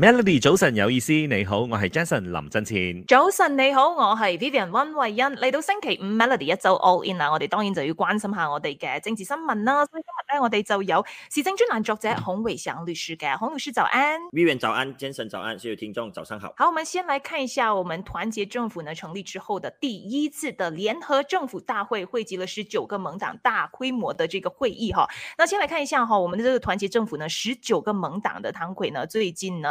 Melody 早晨有意思，你好，我係 Jason 林振前。早晨你好，我係 Vivian 溫慧欣。嚟到星期五，Melody 一周 All In 啦，我哋當然就要關心下我哋嘅政治新聞啦。所以今日呢，我哋就有時政專欄作者孔維祥律師嘅孔律師早安。Vivian 早安，Jason 早安，所有聽眾早上好。好，我們先來看一下，我們團結政府呢成立之後的第一次的聯合政府大會，匯集了十九個盟黨，大規模的這個會議哈。那先來看一下哈，我們的這個團結政府呢，十九個盟黨的黨魁呢，最近呢。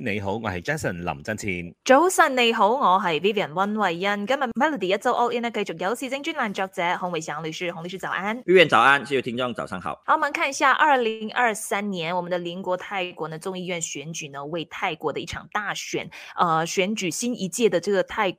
你好，我係 Jason 林振前。早晨，你好，我係 Vivian 温慧欣。今日 Melody 一周 All In 繼續有事整專欄，作者洪偉祥律師、洪律師早安，玉燕早安，所有聽眾早上好。好，我們看一下二零二三年我們的鄰國泰國呢眾議院選舉呢，為泰國的一場大選，誒、呃，選舉新一屆的這個泰國。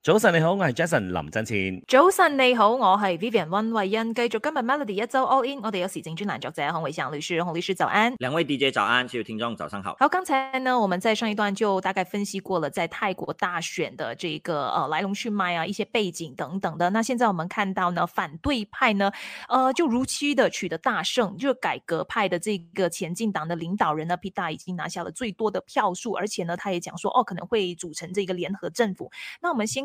早晨你好，我係 Jason 林振前。早晨你好，我係 Vivian w 溫慧欣。繼續今日 Melody 一周 All In，我哋有時政專欄作者洪偉祥律師，洪律師早安。兩位 DJ 早安，所有聽眾早上好。好，剛才呢，我們在上一段就大概分析過了，在泰國大選的這個呃來龍去脈啊，一些背景等等的。那現在我們看到呢，反對派呢，呃，就如期的取得大勝，就是，改革派的這個前進黨的領導人呢，Pita 已經拿下了最多的票數，而且呢，他也講說，哦，可能會組成這個聯合政府。那我們先。